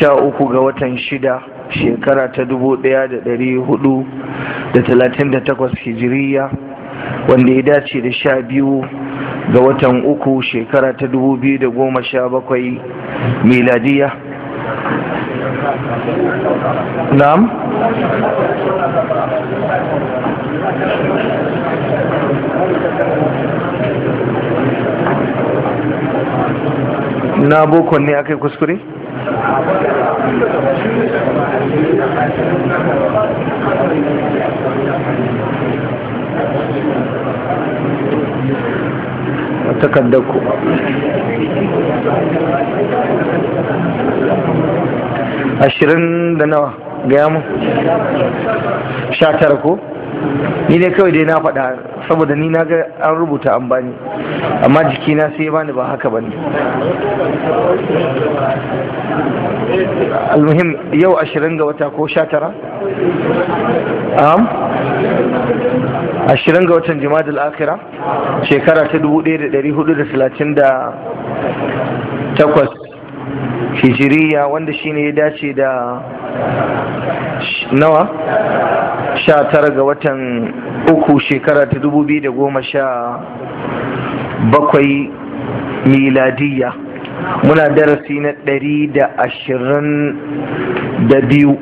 sha uku ga watan shida shekara ta dubu ɗaya da ɗari hudu da talatin da takwas hijiriya wanda ya dace da sha biyu ga watan uku shekara ta dubu biyu da goma sha bakwai miladiya na'am na bokon ne aka kuskure? takaddaku ashirin da nawa gaya mu sha tara ko ni dai kawai dai na faɗa saboda ni na ga an rubuta an bani amma jikina sai ya bani ba haka bane almuhim yau ashirin ga wata ko sha tara? am? ashirin ga watan jimadul akira shekara ta 1438 hijiriya wanda shine ya dace da nawa sha tara ga watan uku shekara ta dubu biyu da goma sha bakwai miladiya muna darasi na ɗari da ashirin da biyu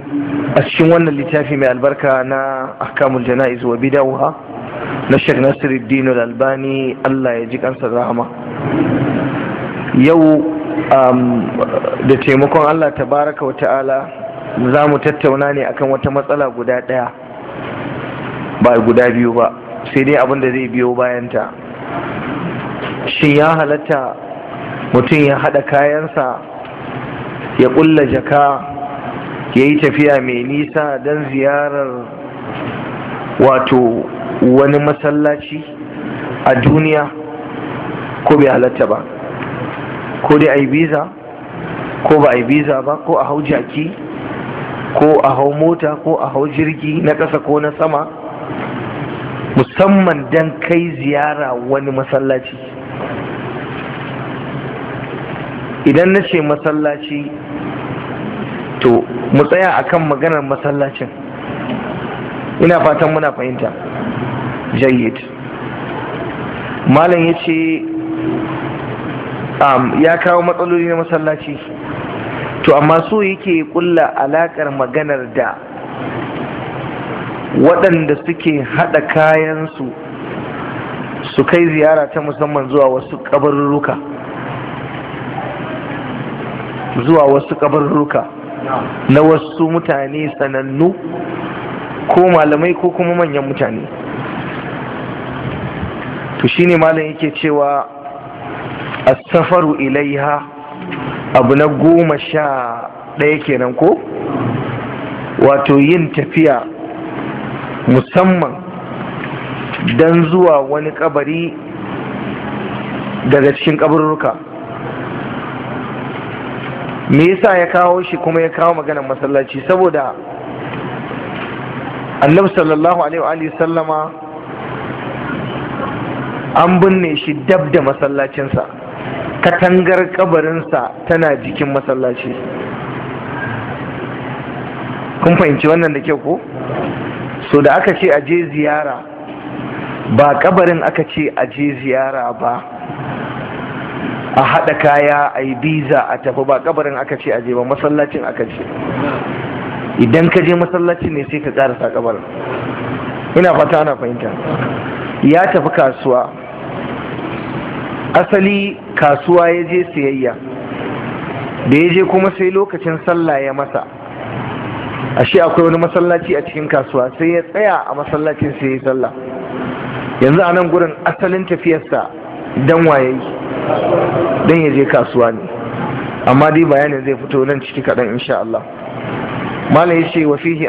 a cikin wannan littafi mai albarka na akamul jana'iz wa bidawa na sheikh Dino albani allah ya ji kansa rahama yau da taimakon Allah tabaraka wa ta'ala za mu tattauna ne akan wata matsala guda ɗaya ba guda biyu ba sai dai abin da zai biyo bayanta shin ya halatta mutum ya haɗa kayansa ya ƙulla jaka ya yi tafiya mai nisa don ziyarar wato wani masallaci a duniya ko bai halatta ba ko dai a yi biza ko ba a yi biza ba ko a hau jaki ko a hau mota ko a hau jirgi na ƙasa ko na sama musamman don kai ziyara wani masallaci idan na ce masallaci to mu tsaya akan maganar masallacin ina fatan muna fahimta jayyid malam ya ce ya kawo matsaloli na masallaci to amma so yake kulla alakar maganar da waɗanda suke haɗa kayansu su kai ziyara ta musamman zuwa wasu ƙabarruka zuwa wasu ƙabarruka na wasu mutane sanannu ko malamai ko kuma manyan mutane to shine malam yake cewa asafaru safaru ilaiha abu na goma sha ɗaya kenan ko wato yin tafiya musamman don zuwa wani kabari daga cikin kabarurruka me yasa ya kawo shi kuma ya kawo maganar masallaci saboda annabi sallallahu alaihi wa sallama an binne shi dab da masallacinsa katangar kabarinsa tana jikin masallaci kun fahimci wannan da kyau ko so da aka ce a je ziyara ba kabarin aka ce a je ziyara ba a haɗa kaya a yi biza a tafi ba kabarin aka ce a je ba masallacin aka ce idan ka je masallacin ne sai ka karasa kabarin ina fata ana fahimta ya tafi kasuwa asali kasuwa ya je siyayya da ya je kuma sai lokacin sallah ya masa ashe akwai wani masallaci a cikin kasuwa sai ya tsaya a masallacin sai ya sallah yanzu a nan gurin asalin tafiyarsa dan waye don ya je kasuwa ne amma dai bayanin zai fito nan ciki kaɗan insha Allah malam ya ce wa fihi